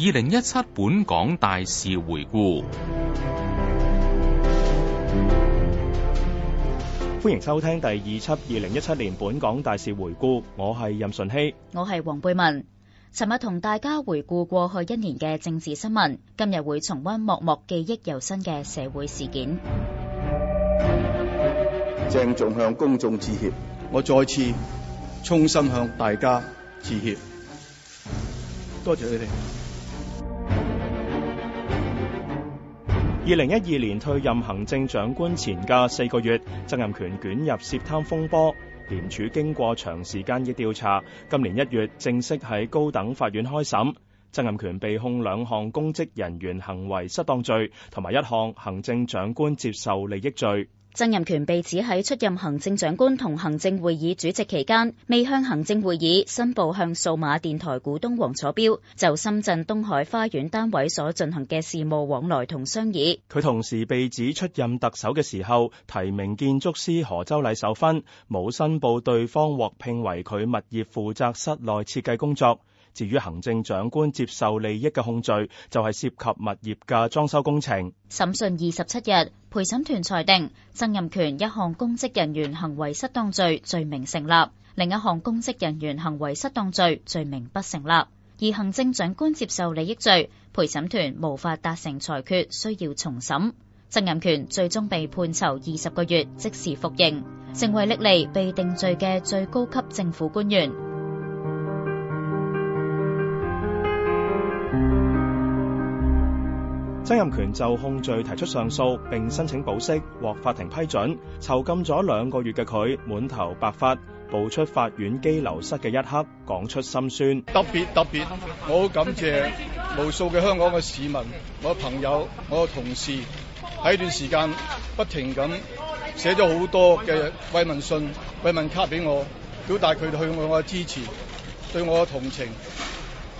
二零一七本港大事回顧，歡迎收聽第二輯《二零一七年本港大事回顧》，我是，我係任順熙，我係黃貝紋。尋日同大家回顧過去一年嘅政治新聞，今日會重溫默默記憶猶新嘅社會事件。鄭重向公眾致歉，我再次衷心向大家致歉，多謝你哋。二零一二年退任行政長官前嘅四個月，曾蔭權捲入涉貪風波。廉署經過長時間嘅調查，今年一月正式喺高等法院開審。曾蔭權被控兩項公職人員行為失當罪，同埋一項行政長官接受利益罪。曾蔭權被指喺出任行政長官同行政會議主席期間，未向行政會議申報向數碼電台股東黃楚標就深圳東海花園單位所進行嘅事務往來同商議。佢同時被指出任特首嘅時候，提名建築師何周禮授勳，冇申報對方獲聘為佢物業負責室內設計工作。至於行政長官接受利益嘅控罪，就係涉及物業嘅裝修工程。審訊二十七日，陪審團裁定曾蔭權一項公職人員行為失當罪罪名成立，另一項公職人員行為失當罪罪名不成立，而行政長官接受利益罪，陪審團無法達成裁決，需要重審。曾蔭權最終被判囚二十個月，即時服刑，成為歷嚟被定罪嘅最高級政府官員。曾蔭權就控罪提出上訴，並申請保釋，獲法庭批准，囚禁咗兩個月嘅佢，滿頭白髮，步出法院羈留室嘅一刻，講出心酸。特別特別，我好感謝無數嘅香港嘅市民、我嘅朋友、我嘅同事喺一段時間不停咁寫咗好多嘅慰問信、慰問卡俾我，表達佢哋對我嘅支持、對我嘅同情，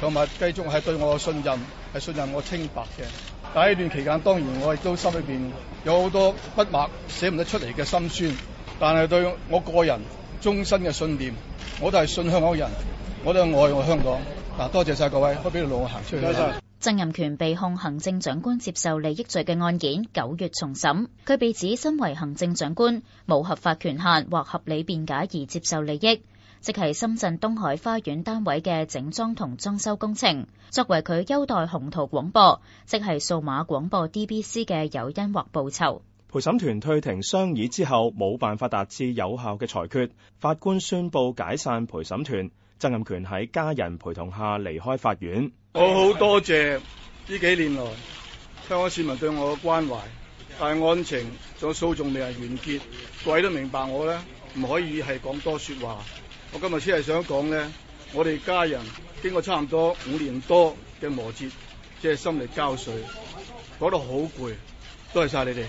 同埋繼續係對我嘅信任，係信任我清白嘅。但呢段期間，當然我亦都心裏面有好多筆墨寫唔得出嚟嘅心酸，但係對我個人終身嘅信念，我都係信香港人，我都愛我香港。嗱，多謝晒各位，開畀路我行出嚟啦。曾蔭權被控行政長官接受利益罪嘅案件，九月重審，佢被指身為行政長官，冇合法權限或合理辯解而接受利益。即係深圳東海花園單位嘅整裝同裝修工程，作為佢優待雄濤廣播，即係數碼廣播 DBC 嘅有因或報酬。陪審團退庭商議之後，冇辦法達至有效嘅裁決，法官宣布解散陪審團。曾蔭權喺家人陪同下離開法院。我好多謝呢幾年來香港市民對我嘅關懷，但係案情仲有訴訟未完結，各位都明白我咧，唔可以係講多說話。我今日先係想講呢，我哋家人經過差唔多五年多嘅磨折，即係心力交瘁，講到好攰，多謝晒你哋。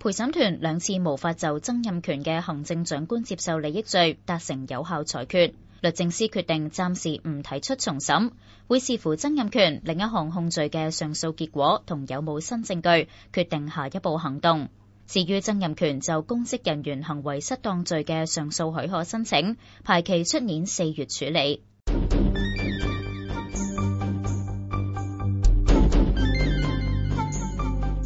陪審團兩次無法就曾蔭權嘅行政長官接受利益罪達成有效裁決，律政司決定暫時唔提出重審，會視乎曾蔭權另一項控罪嘅上訴結果同有冇新證據，決定下一步行動。至於曾蔭權就公職人員行為失當罪嘅上訴許可申請，排期出年四月處理。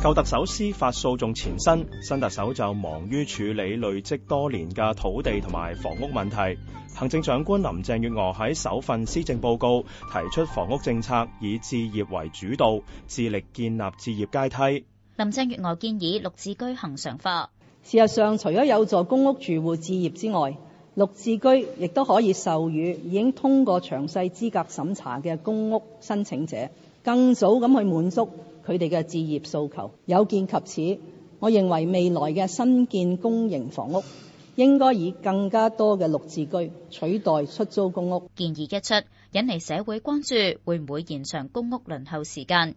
舊特首司法訴訟前身，新特首就忙於處理累積多年嘅土地同埋房屋問題。行政長官林鄭月娥喺首份施政報告提出房屋政策以置業為主導，致力建立置業階梯。林鄭月娥建議綠置居恆常化。事實上，除咗有助公屋住戶置業之外，綠置居亦都可以授予已經通過詳細資格審查嘅公屋申請者，更早咁去滿足佢哋嘅置業訴求。有見及此，我認為未來嘅新建公營房屋應該以更加多嘅綠置居取代出租公屋。建議一出，引嚟社會關注，會唔會延長公屋輪候時間？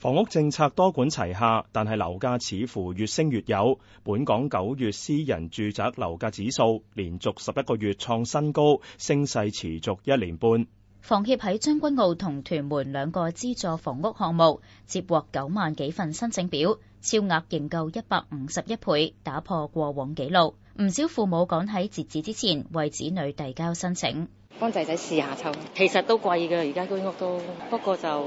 房屋政策多管齊下，但係樓價似乎越升越有。本港九月私人住宅樓價指數連續十一個月創新高，升勢持續一年半。房協喺將軍澳同屯門兩個資助房屋項目接獲九萬幾份申請表，超額認購一百五十一倍，打破過往紀錄。唔少父母趕喺截止之前為子女遞交申請，幫仔仔試下抽，其實都貴㗎，而家居屋都，不過就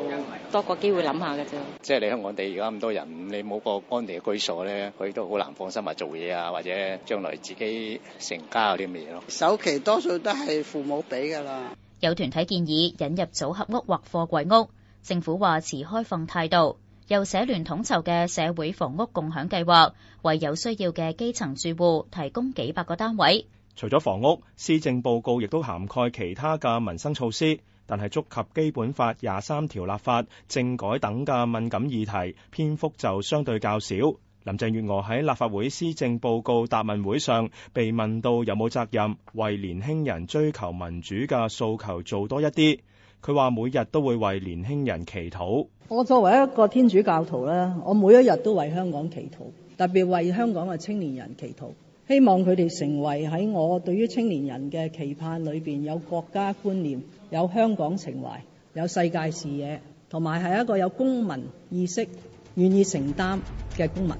多個機會諗下㗎啫。即係你香港地而家咁多人，你冇個安定嘅居所咧，佢都好難放心埋做嘢啊，或者將來自己成家嗰啲咁嘢咯。首期多數都係父母俾噶啦。有團體建議引入組合屋或貨櫃屋，政府話持開放態度。又社聯統籌嘅社會房屋共享計劃，為有需要嘅基層住戶提供幾百個單位。除咗房屋施政報告亦都涵蓋其他嘅民生措施，但係觸及基本法廿三條立法、政改等嘅敏感議題，篇幅就相對較少。林鄭月娥喺立法會施政報告答問會上被問到有冇責任為年輕人追求民主嘅訴求做多一啲，佢話：他說每日都會為年輕人祈禱。我作為一個天主教徒咧，我每一日都為香港祈禱，特別為香港嘅青年人祈禱，希望佢哋成為喺我對於青年人嘅期盼裏面，有國家觀念、有香港情懷、有世界視野，同埋係一個有公民意識、願意承擔嘅公民。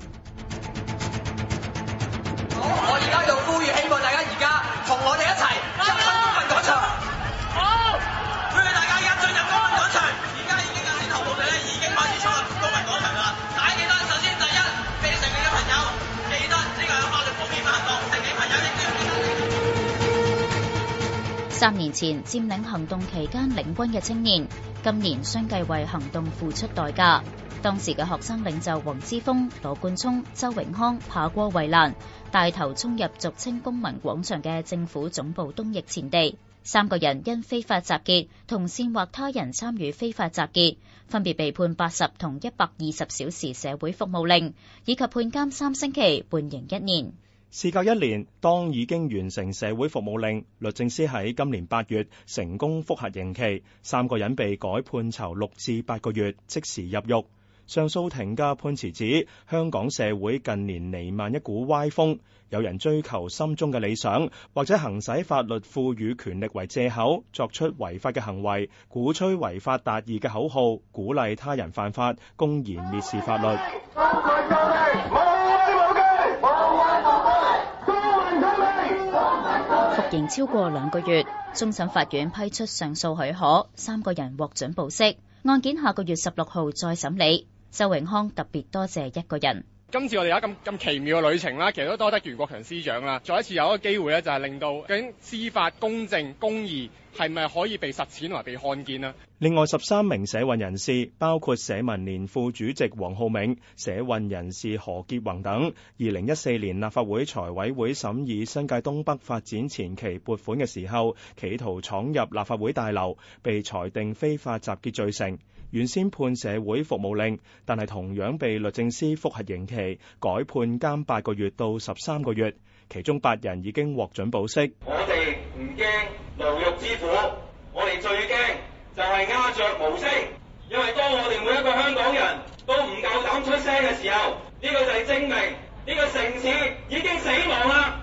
三年前佔領行動期間領軍嘅青年，今年相繼為行動付出代價。當時嘅學生領袖黃之鋒、羅冠聰、周永康爬過圍欄，帶頭衝入俗稱公民廣場嘅政府總部東翼前地。三個人因非法集結同煽惑他人參與非法集結，分別被判八十同一百二十小時社會服務令，以及判監三星期判刑一年。事隔一年，當已經完成社會服務令，律政司喺今年八月成功複核刑期，三個人被改判囚六至八個月，即時入獄。上訴庭家判詞指，香港社會近年瀰漫一股歪風，有人追求心中嘅理想，或者行使法律賦予權力為藉口，作出違法嘅行為，鼓吹違法達義嘅口號，鼓勵他人犯法，公然蔑視法律。仍超過兩個月，終審法院批出上訴許可，三個人獲准保釋。案件下個月十六號再審理。周永康特別多謝一個人。今次我哋有咁咁奇妙嘅旅程啦，其實都多得袁國強司長啦，再一次有一個機會咧，就係令到究竟司法公正公義係咪可以被實踐同埋被看見啊？另外十三名社運人士，包括社民連副主席黃浩銘、社運人士何潔宏等，二零一四年立法會財委會審議新界東北發展前期撥款嘅時候，企圖闖入立法會大樓，被裁定非法集結罪成。原先判社會服務令，但係同樣被律政司覆核刑期，改判監八個月到十三個月，其中八人已經獲准保釋。我哋唔驚牢獄之苦，我哋最驚就係鴉雀無聲，因為當我哋每一個香港人都唔夠膽出聲嘅時候，呢、這個就係證明呢個城市已經死亡啦。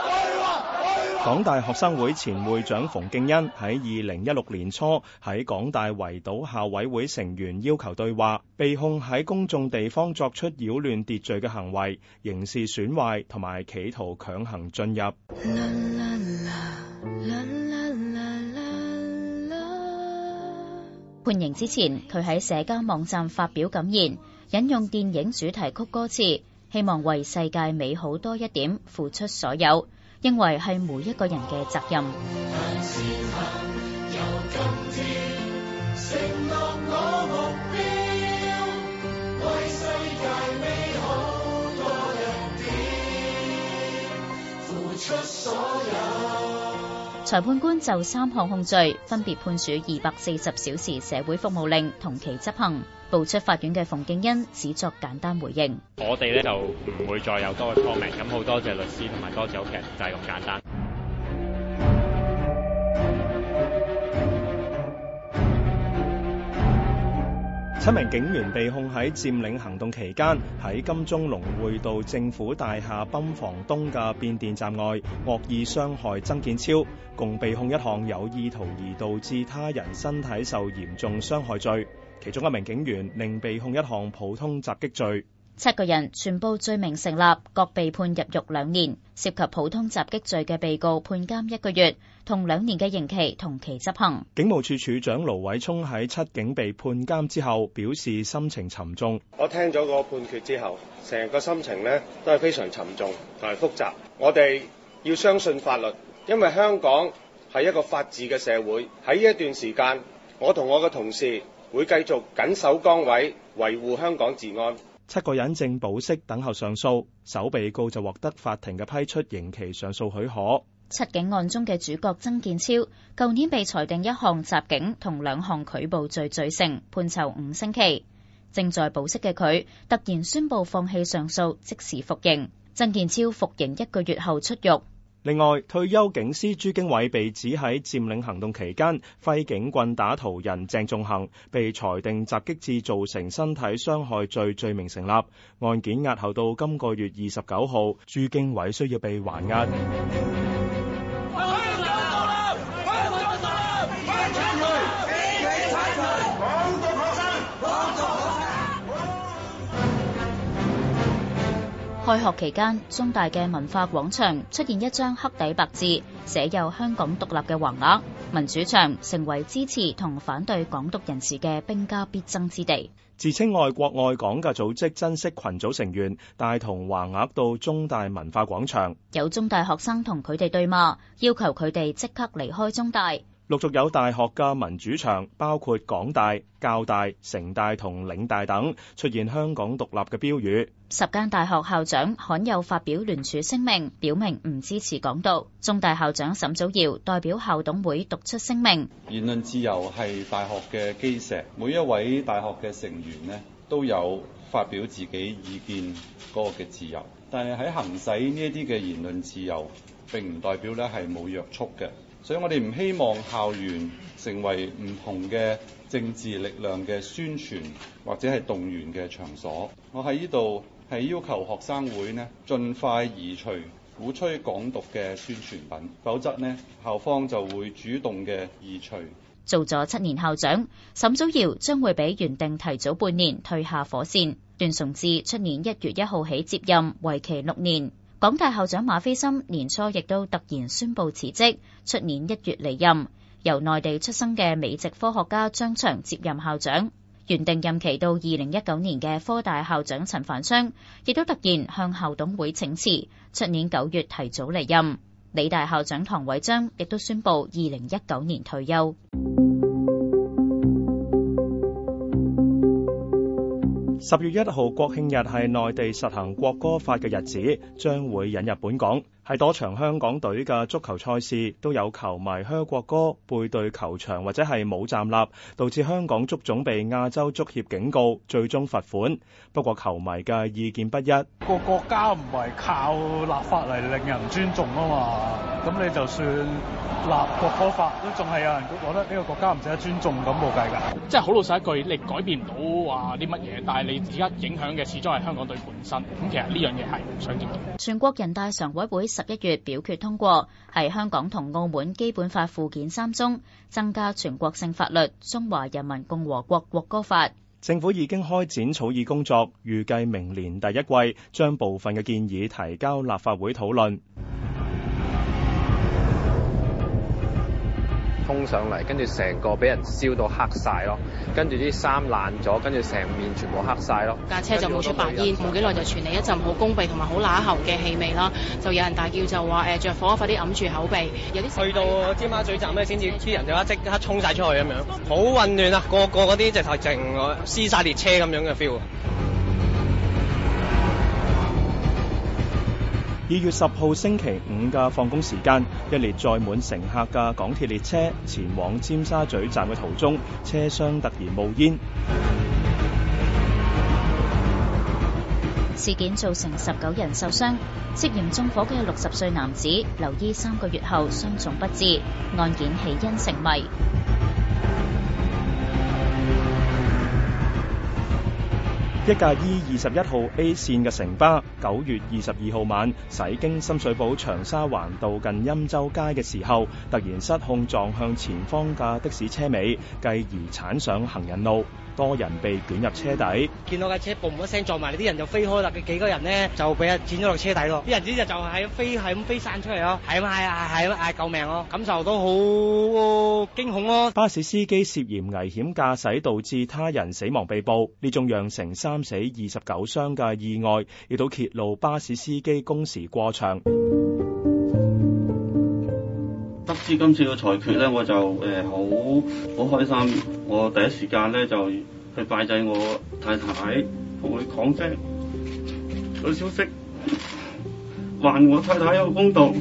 港大學生會前會長馮敬恩喺二零一六年初喺港大圍堵校委會成員要求對話，被控喺公眾地方作出擾亂秩序嘅行為，刑事損壞同埋企圖強行進入。判刑之前，佢喺社交網站發表感言，引用電影主題曲歌詞，希望為世界美好多一點付出所有。認為係每一個人嘅責任。裁判官就三項控罪，分別判處二百四十小時社會服務令，同期執行。步出法院嘅馮敬恩只作簡單回應：我哋呢就唔會再有多個 comment 咁，好多謝律師同埋多謝屋企人，就係咁簡單。七名警員被控喺佔領行動期間喺金鐘龍匯道政府大廈泵房東嘅變電站外惡意傷害曾建超，共被控一項有意圖而導致他人身體受嚴重傷害罪。其中一名警員另被控一項普通襲擊罪，七個人全部罪名成立，各被判入獄兩年。涉及普通襲擊罪嘅被告判監一個月，同兩年嘅刑期同期執行。警務處處長盧偉聰喺七警被判監之後，表示心情沉重。我聽咗個判決之後，成個心情呢都係非常沉重同埋複雜。我哋要相信法律，因為香港係一個法治嘅社會。喺呢一段時間，我同我嘅同事。會繼續緊守崗位，維護香港治安。七個人正保釋等候上訴，首被告就獲得法庭嘅批出刑期上訴許可。七警案中嘅主角曾建超，舊年被裁定一項襲警同兩項拒捕罪罪成，判囚五星期。正在保釋嘅佢突然宣佈放棄上訴，即時服刑。曾建超服刑一個月後出獄。另外，退休警司朱經緯被指喺佔領行動期間揮警棍打途人鄭仲恒，被裁定襲擊致造成身體傷害罪罪名成立，案件押後到今個月二十九號，朱經緯需要被還押。開學期間，中大嘅文化廣場出現一張黑底白字，寫有香港獨立嘅橫額，民主牆成為支持同反對港獨人士嘅兵家必爭之地。自稱愛國愛港嘅組織，珍惜群組成員，帶同橫額到中大文化廣場，有中大學生同佢哋對罵，要求佢哋即刻離開中大。陸續有大學嘅民主場，包括港大、教大、城大同領大等出現香港獨立嘅標語。十間大學校長罕有發表聯署聲明，表明唔支持港獨。中大校長沈祖堯代表校董會讀出聲明：言論自由係大學嘅基石，每一位大學嘅成員都有發表自己意見嗰個嘅自由。但係喺行使呢一啲嘅言論自由，並唔代表咧係冇約束嘅。所以我哋唔希望校園成為唔同嘅政治力量嘅宣傳或者係動員嘅場所。我喺呢度係要求學生會呢，盡快移除鼓吹港獨嘅宣傳品，否則呢校方就會主動嘅移除。做咗七年校長，沈祖堯將會比原定提早半年退下火線，段崇智出年一月一號起接任，為期六年。港大校長馬斐森年初亦都突然宣布辭職，出年一月離任，由內地出生嘅美籍科學家張翔接任校長。原定任期到二零一九年嘅科大校長陳繁昌亦都突然向校董會請辭，出年九月提早離任。理大校長唐偉章亦都宣布二零一九年退休。十月一號國慶日係內地實行國歌法嘅日子，將會引入本港。係多場香港隊嘅足球賽事，都有球迷唱國歌、背對球場或者係冇站立，導致香港足總被亞洲足協警告，最終罰款。不過球迷嘅意見不一，個國家唔係靠立法嚟令人尊重啊嘛，咁你就算立國歌法，都仲係有人覺得呢個國家唔值得尊重，咁冇計㗎。即係好老實一句，你改變唔到話啲乜嘢，但係你而家影響嘅始終係香港隊本身。咁其實呢樣嘢係唔想點？全國人大常委會十一月表決通過，係香港同澳門基本法附件三中增加全國性法律《中華人民共和國國歌法》。政府已經開展草擬工作，預計明年第一季將部分嘅建議提交立法會討論。衝上嚟，跟住成個俾人燒到黑晒咯，跟住啲衫爛咗，跟住成面全部黑晒咯。架車就冒出白煙，冇幾耐就傳嚟一陣好攻鼻同埋好乸喉嘅氣味啦，就有人大叫就話誒着火，快啲揞住口鼻。有啲去到尖沙咀站咧，先至啲人就一即刻衝晒出去咁樣，好混亂啊！各個個嗰啲直頭成撕晒列車咁樣嘅 feel。二月十號星期五嘅放工時間，一列載滿乘客嘅港鐵列車前往尖沙咀站嘅途中，車廂突然冒煙。事件造成十九人受傷，涉嫌縱火嘅六十歲男子留醫三個月後傷重不治，案件起因成謎。一架 E 二十一號 A 線嘅城巴，九月二十二號晚駛經深水埗長沙灣道近欽州街嘅時候，突然失控撞向前方架的，的士車尾，繼而鏟上行人路。多人被捲入車底，見到架車 boom 一聲撞埋，啲人就飛開啦。佢幾個人呢，就俾人剪咗落車底咯。啲人啲就就係飛，係咁飛散出嚟咯。係啊係啊係啊，嗌救命咯！感受到好驚恐咯。巴士司機涉嫌危險駕駛導致他人死亡，被捕被就就，呢宗釀成三死二十九傷嘅意外，亦都揭露巴士司機工時過長。得知今次嘅裁決咧，我就誒好好開心。我第一時間咧就去拜祭我太太，同佢講聲個消息，還我太太一個公道。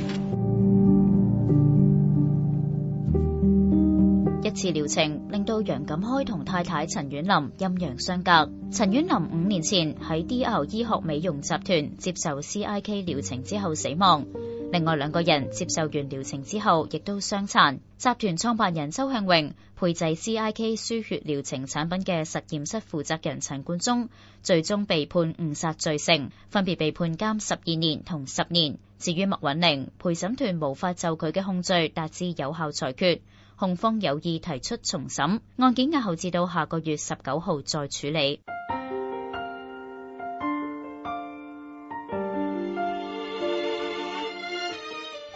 一次療程令到楊錦開同太太陳婉琳陰陽相隔。陳婉琳五年前喺 DR 醫學美容集團接受 C I K 療程之後死亡。另外兩個人接受完療程之後，亦都傷殘。集團創辦人周向榮、配製 C I K 輸血療程產品嘅實驗室負責人陳冠中，最終被判誤殺罪成，分別被判監十二年同十年。至於麥允玲，陪審團無法就佢嘅控罪達至有效裁決，控方有意提出重審，案件押後至到下個月十九號再處理。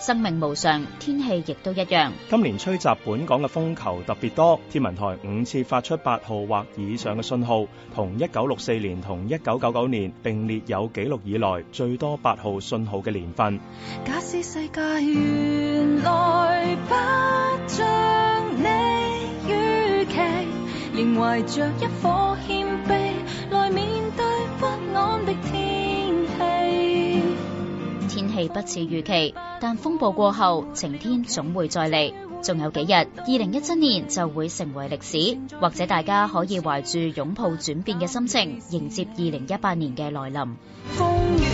生命無常，天氣亦都一樣。今年吹襲本港嘅風球特別多，天文台五次發出八號或以上嘅信號，同一九六四年同一九九九年並列有紀錄以來最多八號信號嘅年份。假使世界原來不像你預期，仍懷著一顆謙卑，來面對不安的天，氣不似預期，但風暴過後，晴天總會再嚟。仲有幾日，二零一七年就會成為歷史，或者大家可以懷住擁抱轉變嘅心情，迎接二零一八年嘅來臨。風